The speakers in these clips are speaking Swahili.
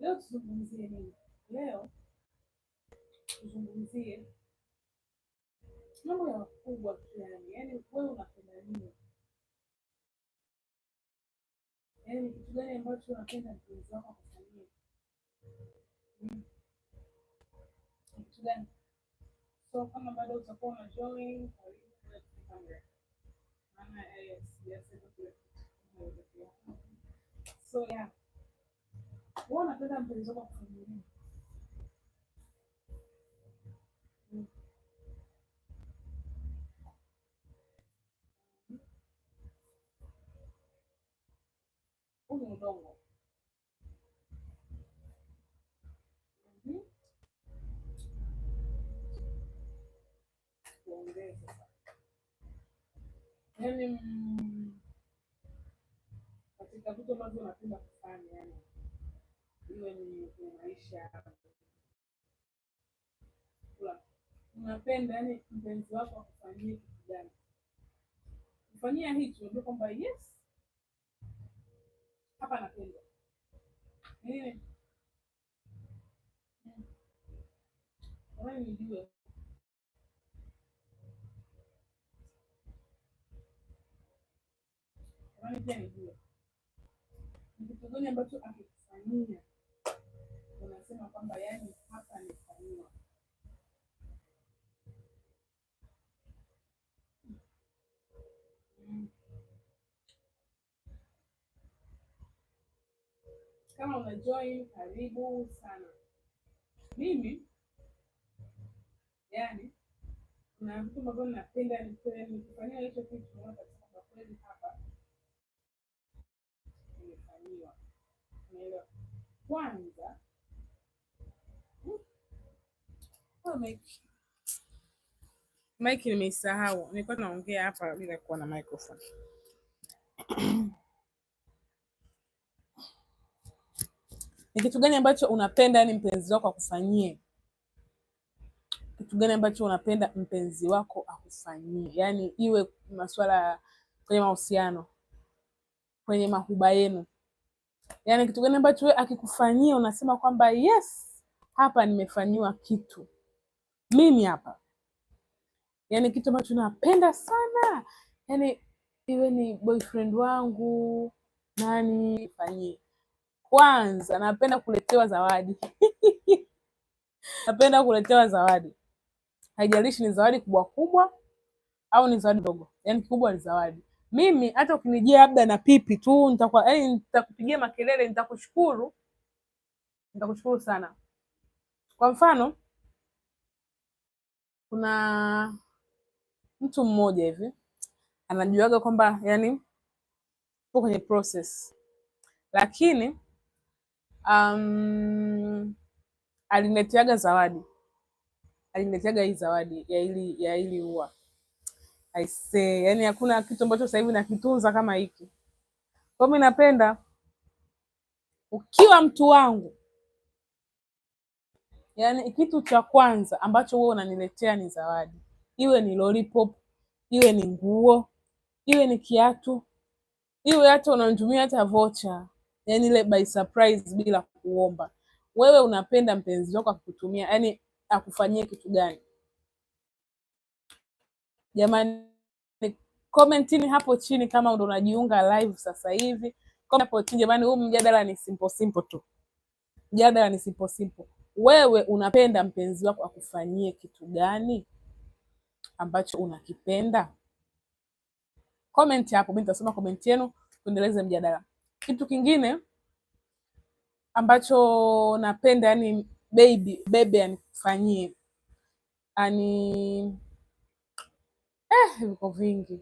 Leo tuzungumzie nini? Leo tuzungumzie mambo ya wakubwa fulani, yaani wewe unapenda nini? Yaani kitu gani ambacho unapenda mpenzi wako akufanyie? Hmm. Kitu gani? So kama bado utakuwa una join, karibu tuwe maana eh, sijasema kila kitu. So yeah. Wewe unapenda mpenzi wako kufanya nini? Huu ni mhm. udongo. yaani, mm, katika vitu ambavyo unapenda kufanya yani iwe ni kuimarisha kula. Unapenda yani mpenzi wako akufanyie kitu gani? Kufanyia hicho ndio kwamba yes, hapa napenda nini, nijue amani pia nijue ni kitu gani ambacho akikufanyia kusema kwamba yani hapa amefanyiwa mm. Kama umejoin karibu sana. Mimi yani, kuna vitu ambavyo napenda nikifanyia hicho kitu, naona kweli hapa imefanyiwa Unaelewa? Kwanza Mike? Mike nimesahau, nilikuwa naongea hapa bila kuwa na microphone. Ni kitu gani ambacho unapenda yani mpenzi wako akufanyie? Kitu gani ambacho unapenda mpenzi wako akufanyie? yani iwe masuala kwenye mahusiano, kwenye mahuba yenu, yani kitu gani ambacho akikufanyia unasema kwamba yes, hapa nimefanyiwa kitu mimi hapa, yani kitu ambacho napenda sana yani, iwe ni boyfriend wangu nani fanyie kwanza, napenda kuletewa zawadi napenda kuletewa zawadi, haijalishi ni zawadi kubwa kubwa au ni zawadi ndogo, yani kikubwa ni zawadi. Mimi hata ukinijia labda na pipi tu nitakuwa yani, nitakupigia makelele, nitakushukuru, nitakushukuru sana. Kwa mfano kuna mtu mmoja hivi anajuaga kwamba yani uko kwenye process, lakini um, alinetiaga zawadi, alinetiaga hii zawadi ya ili ya ili ua I say, yani hakuna kitu ambacho sasa hivi nakitunza kama hiki. Kwa mimi napenda ukiwa mtu wangu yani kitu cha kwanza ambacho wewe unaniletea ni zawadi, iwe ni lollipop, iwe ni nguo, iwe ni kiatu, iwe hata unanitumia hata vocha, yani ile by surprise bila kuomba. Wewe unapenda mpenzi wako akutumia, yani akufanyie kitu gani? Jamani, komentini hapo chini kama ndo unajiunga live sasa hivi hapo chini. Jamani, huu mjadala ni simple simple tu, mjadala ni simple simple. Wewe unapenda mpenzi wako akufanyie kitu gani ambacho unakipenda? Comment hapo, mimi nitasoma comment yenu, tuendeleze mjadala. Kitu kingine ambacho napenda yani baby bebe anifanyie ani eh, viko vingi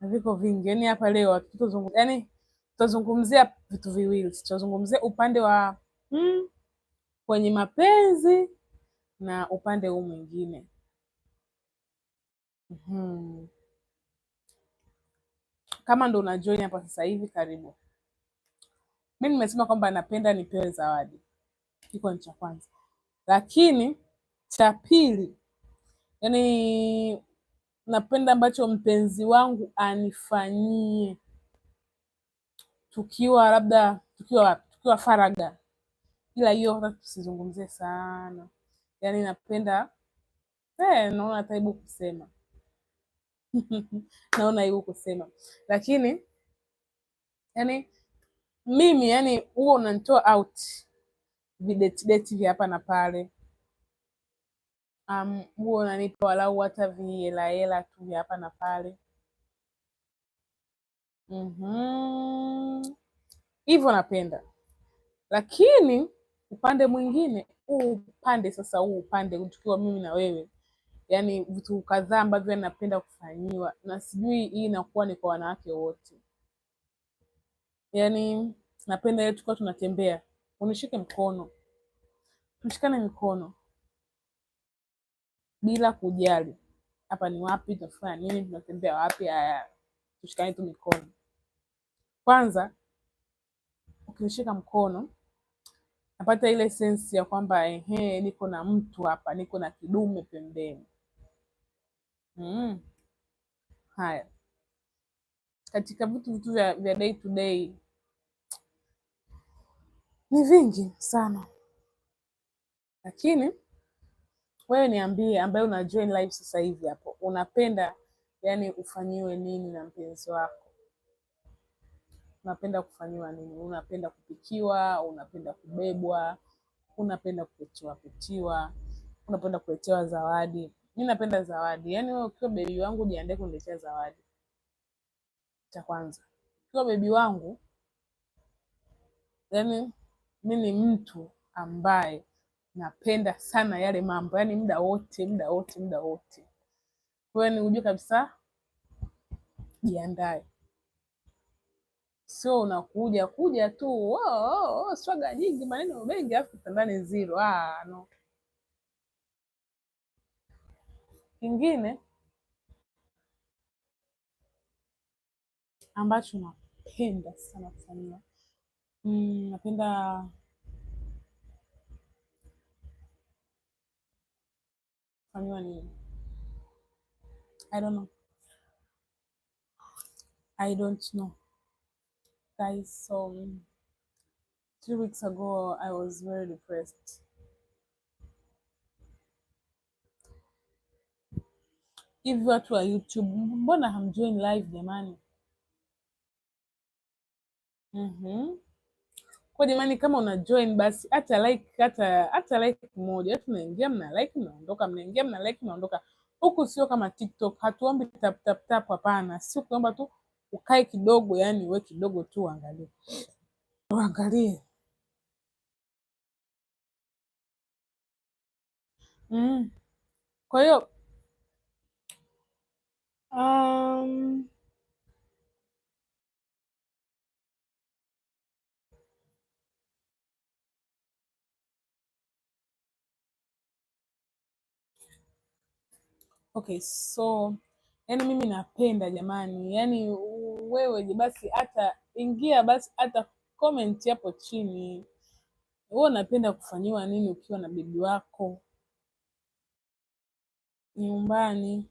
viko vingi yani hapa leo tutazungumzia yani, tutazungumzia vitu viwili, tutazungumzia upande wa mm, kwenye mapenzi na upande huu mwingine. Hmm. Kama ndo una join hapa sasa hivi, karibu. Mi nimesema kwamba napenda nipewe zawadi, iko ni cha kwanza, lakini cha pili, yani napenda ambacho mpenzi wangu anifanyie tukiwa labda tukiwa tukiwa faraga ila hiyo hata tusizungumzie sana. Yani napenda eh, naona taibu kusema naona aibu kusema, lakini yani mimi yani huo unanitoa out videtideti vya hapa na pale huo unanipa walau hata vihelahela tu vya hapa na pale mhm. hivyo, mm -hmm. Napenda lakini upande mwingine huu upande sasa, huu upande tukiwa mimi na wewe, yani vitu kadhaa ambavyo napenda kufanyiwa, na sijui hii inakuwa ni kwa wanawake wote. Yani napenda ile tukiwa tunatembea, unishike mkono, tushikane mikono bila kujali hapa ni wapi, tunafanya nini, tunatembea wapi. Haya, tushikane tu mikono kwanza. Ukinishika mkono napata ile sensi ya kwamba ehe, niko na mtu hapa, niko na kidume pembeni. Mm. Haya, katika vitu vitu vya, vya day to day ni vingi sana, lakini wewe niambie, ambaye una join live sasa hivi hapo, unapenda yani ufanyiwe nini na mpenzi wako? unapenda kufanyiwa nini? Unapenda kupikiwa? Unapenda kubebwa? Unapenda kupetiwa petiwa? Unapenda kuletewa zawadi? Mi napenda zawadi. yani wewe ukiwa bebi wangu, jiandae kuniletea zawadi, cha kwanza. Ukiwa bebi wangu, yani mi ni mtu ambaye napenda sana yale mambo, yani muda wote muda wote muda wote. Kwa hiyo ni ujue kabisa, jiandae sio unakuja kuja tu oh, oh, oh, swaga nyingi, maneno mengi, afu tandani zero. Ah, no. Kingine ambacho napenda sana kufanyia, mm, napenda kufanyiwa nini? I don't know. I don't know guys, so three weeks ago I was very depressed. are watu wa YouTube mbona hamjoin live jamani? mm -hmm. Kwa jamani, kama una join basi hata like hata hata like moja tu, mnaingia mna like mnaondoka, mnaingia mna like mnaondoka. Huku sio kama TikTok, hatuombi tap tap tap, hapana, si kuomba tu ukae kidogo, yani we kidogo tu uangalie, uangalie mm. Kwa hiyo um, okay, so yani mimi napenda jamani, yani weweje, basi hata ingia basi hata comment hapo chini, wewe unapenda kufanyiwa nini ukiwa na bibi wako nyumbani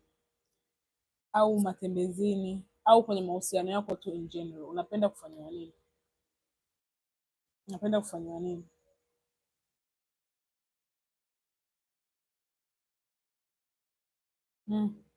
au matembezini au kwenye mahusiano yako tu in general, unapenda kufanyiwa nini? Unapenda kufanyiwa nini? Mm.